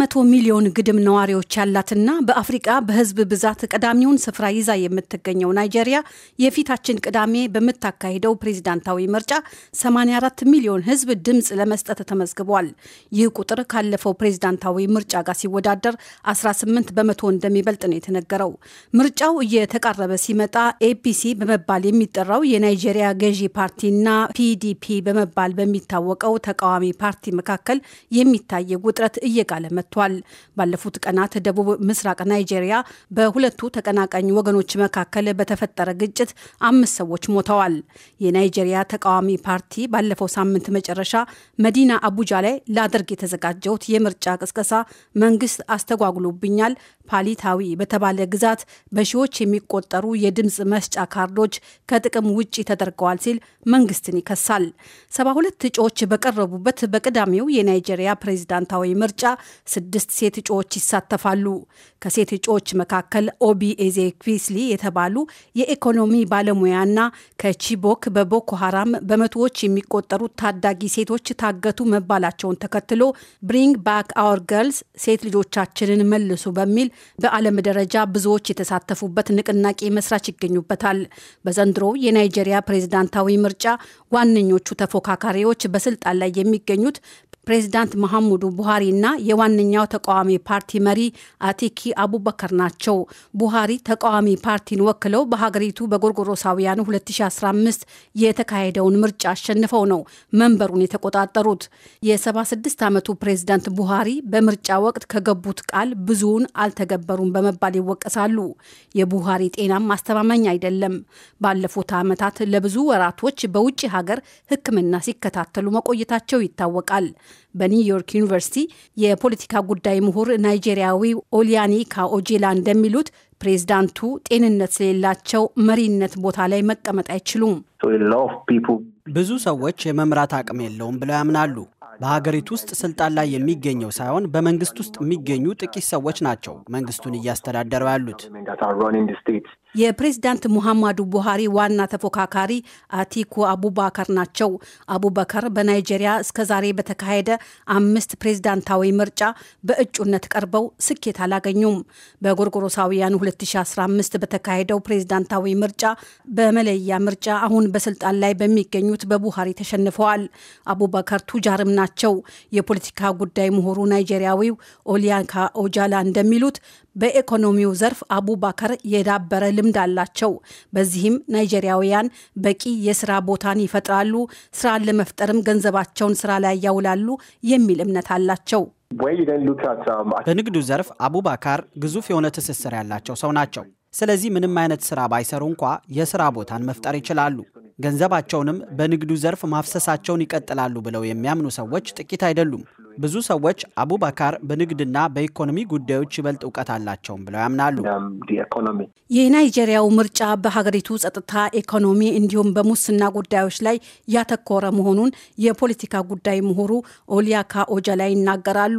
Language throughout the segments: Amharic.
መቶ ሚሊዮን ግድም ነዋሪዎች ያላትና በአፍሪቃ በሕዝብ ብዛት ቀዳሚውን ስፍራ ይዛ የምትገኘው ናይጄሪያ የፊታችን ቅዳሜ በምታካሂደው ፕሬዚዳንታዊ ምርጫ 84 ሚሊዮን ህዝብ ድምፅ ለመስጠት ተመዝግቧል። ይህ ቁጥር ካለፈው ፕሬዚዳንታዊ ምርጫ ጋር ሲወዳደር 18 በመቶ እንደሚበልጥ ነው የተነገረው። ምርጫው እየተቃረበ ሲመጣ ኤፒሲ በመባል የሚጠራው የናይጄሪያ ገዢ ፓርቲና ፒዲፒ በመባል በሚታወቀው ተቃዋሚ ፓርቲ መካከል የሚታየ ውጥረት እየጋ እየተሻሻለ መጥቷል። ባለፉት ቀናት ደቡብ ምስራቅ ናይጄሪያ በሁለቱ ተቀናቃኝ ወገኖች መካከል በተፈጠረ ግጭት አምስት ሰዎች ሞተዋል። የናይጄሪያ ተቃዋሚ ፓርቲ ባለፈው ሳምንት መጨረሻ መዲና አቡጃ ላይ ላደርግ የተዘጋጀውት የምርጫ ቅስቀሳ መንግስት አስተጓጉሎብኛል፣ ፓሊታዊ በተባለ ግዛት በሺዎች የሚቆጠሩ የድምፅ መስጫ ካርዶች ከጥቅም ውጪ ተደርገዋል ሲል መንግስትን ይከሳል። ሰባ ሁለት እጩዎች በቀረቡበት በቅዳሜው የናይጄሪያ ፕሬዚዳንታዊ ምርጫ ስድስት ሴት እጩዎች ይሳተፋሉ። ከሴት እጩዎች መካከል ኦቢ ኤዜ የተባሉ የኢኮኖሚ ባለሙያና ከቺቦክ በቦኮ ሀራም በመቶዎች የሚቆጠሩ ታዳጊ ሴቶች ታገቱ መባላቸውን ተከትሎ ብሪንግ ባክ አወር ገርልስ ሴት ልጆቻችንን መልሱ በሚል በዓለም ደረጃ ብዙዎች የተሳተፉበት ንቅናቄ መስራች ይገኙበታል። በዘንድሮ የናይጄሪያ ፕሬዝዳንታዊ ምርጫ ዋነኞቹ ተፎካካሪዎች በስልጣን ላይ የሚገኙት ፕሬዚዳንት መሐሙዱ ቡሃሪ እና የዋነኛው ተቃዋሚ ፓርቲ መሪ አቲኪ አቡበከር ናቸው። ቡሃሪ ተቃዋሚ ፓርቲን ወክለው በሀገሪቱ በጎርጎሮሳውያኑ 2015 የተካሄደውን ምርጫ አሸንፈው ነው መንበሩን የተቆጣጠሩት። የ76 ዓመቱ ፕሬዚዳንት ቡሃሪ በምርጫ ወቅት ከገቡት ቃል ብዙውን አልተገበሩም በመባል ይወቀሳሉ። የቡሃሪ ጤናም ማስተማመኝ አይደለም። ባለፉት ዓመታት ለብዙ ወራቶች በውጭ ሀገር ሕክምና ሲከታተሉ መቆየታቸው ይታወቃል። በኒውዮርክ ዩኒቨርሲቲ የፖለቲካ ጉዳይ ምሁር ናይጄሪያዊ ኦሊያኒ ካኦጄላ እንደሚሉት ፕሬዚዳንቱ ጤንነት ስለሌላቸው መሪነት ቦታ ላይ መቀመጥ አይችሉም። ብዙ ሰዎች የመምራት አቅም የለውም ብለው ያምናሉ። በሀገሪቱ ውስጥ ስልጣን ላይ የሚገኘው ሳይሆን በመንግስት ውስጥ የሚገኙ ጥቂት ሰዎች ናቸው መንግስቱን እያስተዳደሩ ያሉት። የፕሬዚዳንት ሙሐማዱ ቡሃሪ ዋና ተፎካካሪ አቲኩ አቡባከር ናቸው። አቡበከር በናይጄሪያ እስከዛሬ በተካሄደ አምስት ፕሬዝዳንታዊ ምርጫ በእጩነት ቀርበው ስኬት አላገኙም። በጎርጎሮሳውያኑ 2015 በተካሄደው ፕሬዝዳንታዊ ምርጫ በመለያ ምርጫ አሁን በስልጣን ላይ በሚገኙት በቡሃሪ ተሸንፈዋል። አቡበከር ቱጃርም ናቸው። የፖለቲካ ጉዳይ ምሁሩ ናይጄሪያዊው ኦሊያንካ ኦጃላ እንደሚሉት በኢኮኖሚው ዘርፍ አቡባከር የዳበረ ልምድ አላቸው። በዚህም ናይጄሪያውያን በቂ የስራ ቦታን ይፈጥራሉ፣ ስራን ለመፍጠርም ገንዘባቸውን ስራ ላይ ያውላሉ የሚል እምነት አላቸው። በንግዱ ዘርፍ አቡባካር ግዙፍ የሆነ ትስስር ያላቸው ሰው ናቸው። ስለዚህ ምንም አይነት ስራ ባይሰሩ እንኳ የስራ ቦታን መፍጠር ይችላሉ። ገንዘባቸውንም በንግዱ ዘርፍ ማፍሰሳቸውን ይቀጥላሉ ብለው የሚያምኑ ሰዎች ጥቂት አይደሉም። ብዙ ሰዎች አቡበካር በንግድና በኢኮኖሚ ጉዳዮች ይበልጥ እውቀት አላቸውም ብለው ያምናሉ። um, የናይጄሪያው ምርጫ በሀገሪቱ ጸጥታ፣ ኢኮኖሚ እንዲሁም በሙስና ጉዳዮች ላይ ያተኮረ መሆኑን የፖለቲካ ጉዳይ ምሁሩ ኦሊያካ ላይ ይናገራሉ።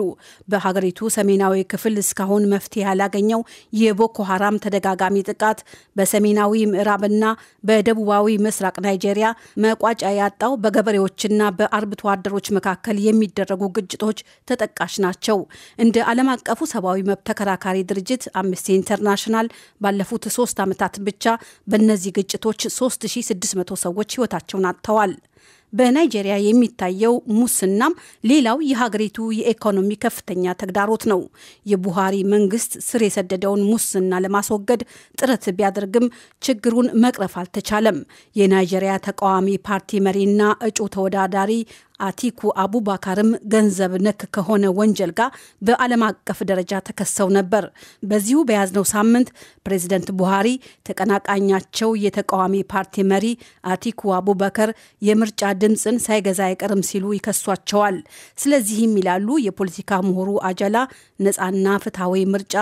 በሀገሪቱ ሰሜናዊ ክፍል እስካሁን መፍትሄ ያላገኘው የቦኮ ሀራም ተደጋጋሚ ጥቃት በሰሜናዊ ምዕራብና በደቡባዊ ምስራቅ ናይጄሪያ መቋጫ ያጣው በገበሬዎችና በአርብቶ አደሮች መካከል የሚደረጉ ግጭ ብጥብጦች ተጠቃሽ ናቸው። እንደ ዓለም አቀፉ ሰብአዊ መብት ተከራካሪ ድርጅት አምነስቲ ኢንተርናሽናል ባለፉት ሶስት ዓመታት ብቻ በእነዚህ ግጭቶች 3600 ሰዎች ሕይወታቸውን አጥተዋል። በናይጄሪያ የሚታየው ሙስናም ሌላው የሀገሪቱ የኢኮኖሚ ከፍተኛ ተግዳሮት ነው። የቡሃሪ መንግስት ስር የሰደደውን ሙስና ለማስወገድ ጥረት ቢያደርግም ችግሩን መቅረፍ አልተቻለም። የናይጄሪያ ተቃዋሚ ፓርቲ መሪና እጩ ተወዳዳሪ አቲኩ አቡባካርም ገንዘብ ነክ ከሆነ ወንጀል ጋር በዓለም አቀፍ ደረጃ ተከሰው ነበር። በዚሁ በያዝነው ሳምንት ፕሬዚደንት ቡሃሪ ተቀናቃኛቸው የተቃዋሚ ፓርቲ መሪ አቲኩ አቡበከር የምር ምርጫ ድምፅን ሳይገዛ አይቀርም ሲሉ ይከሷቸዋል። ስለዚህም ይላሉ የፖለቲካ ምሁሩ አጀላ ነፃና ፍትሐዊ ምርጫ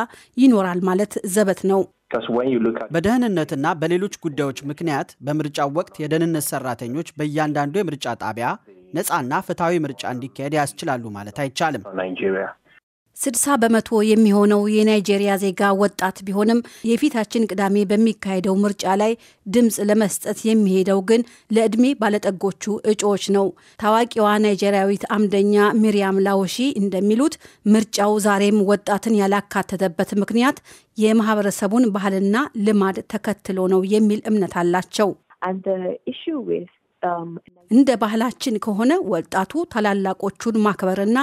ይኖራል ማለት ዘበት ነው። በደህንነትና በሌሎች ጉዳዮች ምክንያት በምርጫው ወቅት የደህንነት ሰራተኞች በእያንዳንዱ የምርጫ ጣቢያ ነፃና ፍትሐዊ ምርጫ እንዲካሄድ ያስችላሉ ማለት አይቻልም። ስድሳ በመቶ የሚሆነው የናይጄሪያ ዜጋ ወጣት ቢሆንም የፊታችን ቅዳሜ በሚካሄደው ምርጫ ላይ ድምፅ ለመስጠት የሚሄደው ግን ለዕድሜ ባለጠጎቹ እጩዎች ነው። ታዋቂዋ ናይጄሪያዊት አምደኛ ሚሪያም ላውሺ እንደሚሉት ምርጫው ዛሬም ወጣትን ያላካተተበት ምክንያት የማህበረሰቡን ባህልና ልማድ ተከትሎ ነው የሚል እምነት አላቸው። እንደ ባህላችን ከሆነ ወጣቱ ታላላቆቹን ማክበርና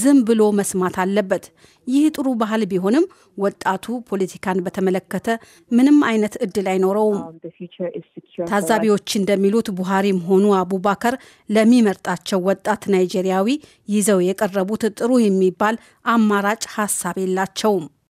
ዝም ብሎ መስማት አለበት። ይህ ጥሩ ባህል ቢሆንም ወጣቱ ፖለቲካን በተመለከተ ምንም አይነት እድል አይኖረውም። um, ታዛቢዎች እንደሚሉት ቡሃሪም ሆኑ አቡባከር ለሚመርጣቸው ወጣት ናይጄሪያዊ ይዘው የቀረቡት ጥሩ የሚባል አማራጭ ሀሳብ የላቸውም።